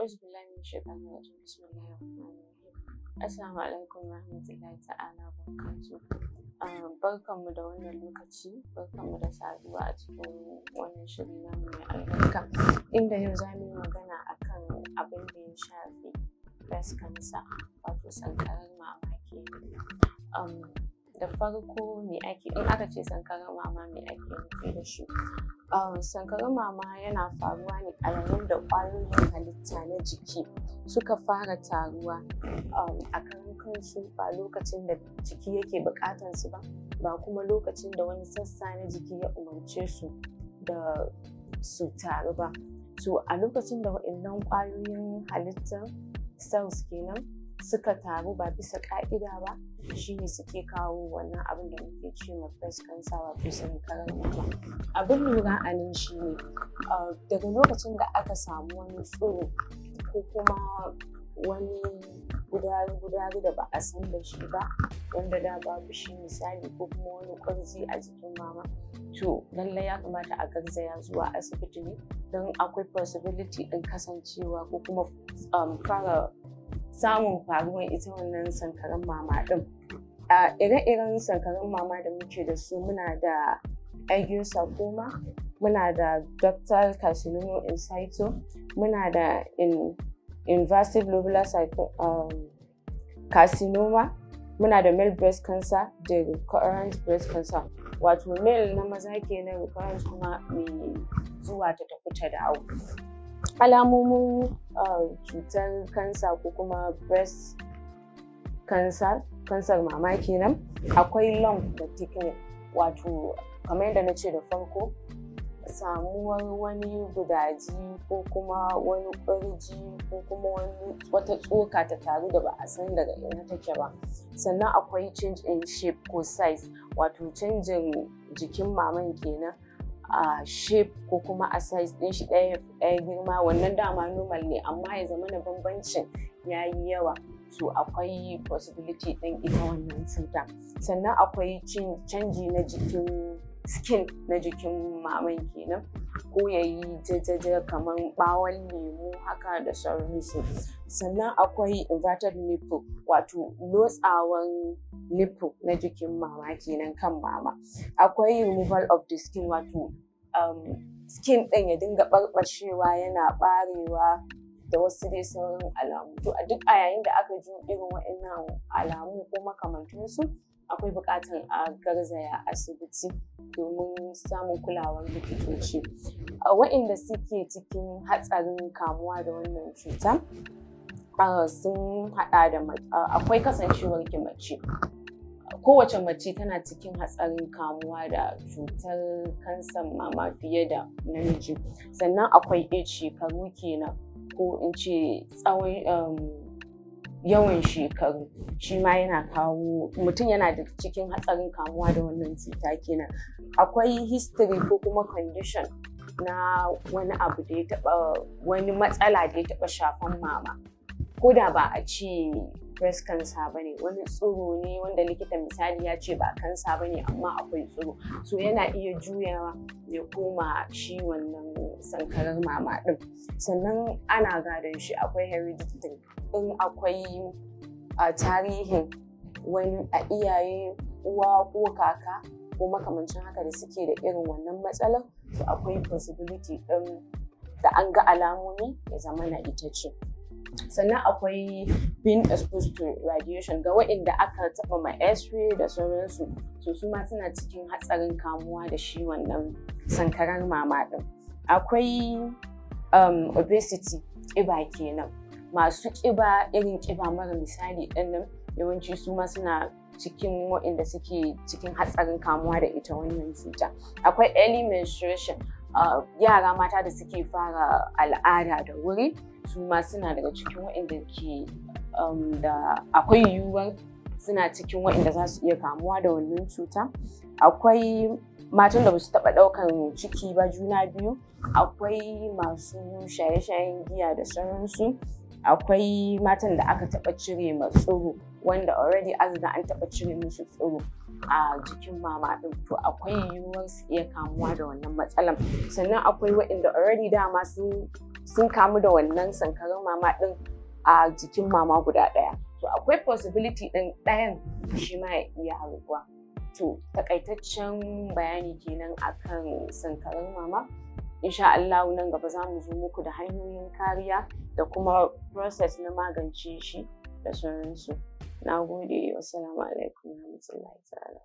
A'udhu billahi min shaitanir rajim. Bismillahir rahmanir rahim. Assalamu alaikum warahmatullahi ta'ala barakatuh. Barkanmu da wannan lokaci, barkanmu da saduwa a cikin wannan shiri na mai albarka. Inda yau za mu yi magana akan abin da ya shafi breast cancer wato sankarar mama da farko me ake in aka ce sankarar mama me ake nufi da shi Um, Sankarar mama yana faruwa ne a yayin da ƙwayoyin halitta na jiki suka fara taruwa um, a kan kansu ba lokacin da jiki yake buƙatar su ba ba kuma lokacin da wani sassa na jiki ya umarce su da su taru ba to a lokacin da waɗannan ƙwayoyin halittar cells kenan suka taru ba bisa ka'ida ba shine suke kawo wannan abin da muke ce ma breast cancer wato karar mutum abin lura a nan shi ne. Ah, daga lokacin da aka samu wani tsoro ko kuma wani gudari-gudari da ba a san da shi ba wanda da babu shi misali ko kuma wani kwarzi a jikin mama to lallai ya kamata a garza ya zuwa asibiti ne don akwai possibility din kasancewa ko kuma um, fara samun faruwar ita wannan sankaran mama ɗin. A ire-iren sankaran mama da muke da su muna da agiosarcoma, muna da ductal carcinoma in situ, muna da invasive lobular um, carcinoma, muna da male breast cancer da recurrent breast cancer. Wato male na maza ke na recurrent kuma mai zuwa ta tafi ta dawo. alamomin ah, cutar kansa ko kuma breast cancer kansar mama kenan akwai lump da thickening wato kamar yadda na ce da farko samuwar wani gudaji ko kuma wani ƙurji ko kuma wata tsoka ta taru da ba a san daga ina take ba sannan akwai change in shape ko size wato canjin jikin maman kenan a shape ko kuma a size ɗin shi ɗaya girma wannan dama normal ne amma ya zama na bambancin ya yi yawa to akwai possibility ɗin ita wannan cuta sannan akwai canji na jikin skin na jikin maman kenan ko ya yi jajaja kamar bawon lemu haka da sauransu sannan akwai inverted nipple wato lotsawan nipple na jikin mama kenan kan mama akwai removal of the skin wato um, skin ɗin ya dinga ɓarɓashewa yana ɓarewa da wasu dai sauran alamu to a duk a yayin da aka ji irin waɗannan alamu ko makamantansu akwai buƙatar a garzaya asibiti domin samun kulawar likitoci waɗanda suke cikin hatsarin kamuwa da wannan cuta sun haɗa da akwai kasancewar mace kowace mace tana cikin hatsarin kamuwa da cutar kansan mama fiye da namiji sannan akwai shekaru kenan ko in ce tsawon um, yawan shekaru shi ma yana kawo mutum yana da cikin hatsarin kamuwa da wannan cuta kenan akwai history ko kuma condition na wani abu da ya taba wani matsala da ya taba shafan mama ko da ba a ce breast cancer ba ne wani tsoro ne wanda likita misali ya ce ba kansa ba ne amma akwai tsoro so yana iya juyawa ya koma shi wannan sankarar mama din sannan ana gadon shi akwai heredity in akwai tarihin wani a iyaye uwa ko kaka ko makamancin haka da suke da irin wannan matsalar to akwai possibility din da an ga alamomi ya zama na ita ce sannan akwai being exposed to radiation ga waɗanda aka taɓa ma x-ray da sauransu to su ma suna cikin hatsarin kamuwa da shi wannan sankarar mama ɗin akwai um, obesity ƙiba kenan masu ƙiba irin ƙiba mara misali ɗannan yawanci su ma suna cikin waɗanda suke cikin hatsarin kamuwa da ita wannan cuta akwai early menstruation uh, yara mata da suke fara al'ada da wuri su ma suna daga cikin waɗanda ke um, da akwai yiwuwar suna cikin waɗanda za su iya kamuwa da wannan cuta akwai matan da ba su taɓa ɗaukan ciki ba juna biyu akwai masu shaye-shayen giya da sauransu akwai matan da aka taɓa cire wanda already an an taɓa cire musu tsoro a jikin mama ɗin to akwai yiwuwar su iya kamuwa da wannan matsalan sannan akwai waɗanda already dama sun kamu da wannan sankarar mama ɗin a jikin mama guda ɗaya To akwai possibility ɗin ɗayan shi ma ya iya haihuwa to takaitaccen bayani kenan akan sankarar mama insha Allah nan gaba za mu zo muku da hanyoyin kariya da kuma process na magance shi da sauransu na gode wasu alaikum wa ta'ala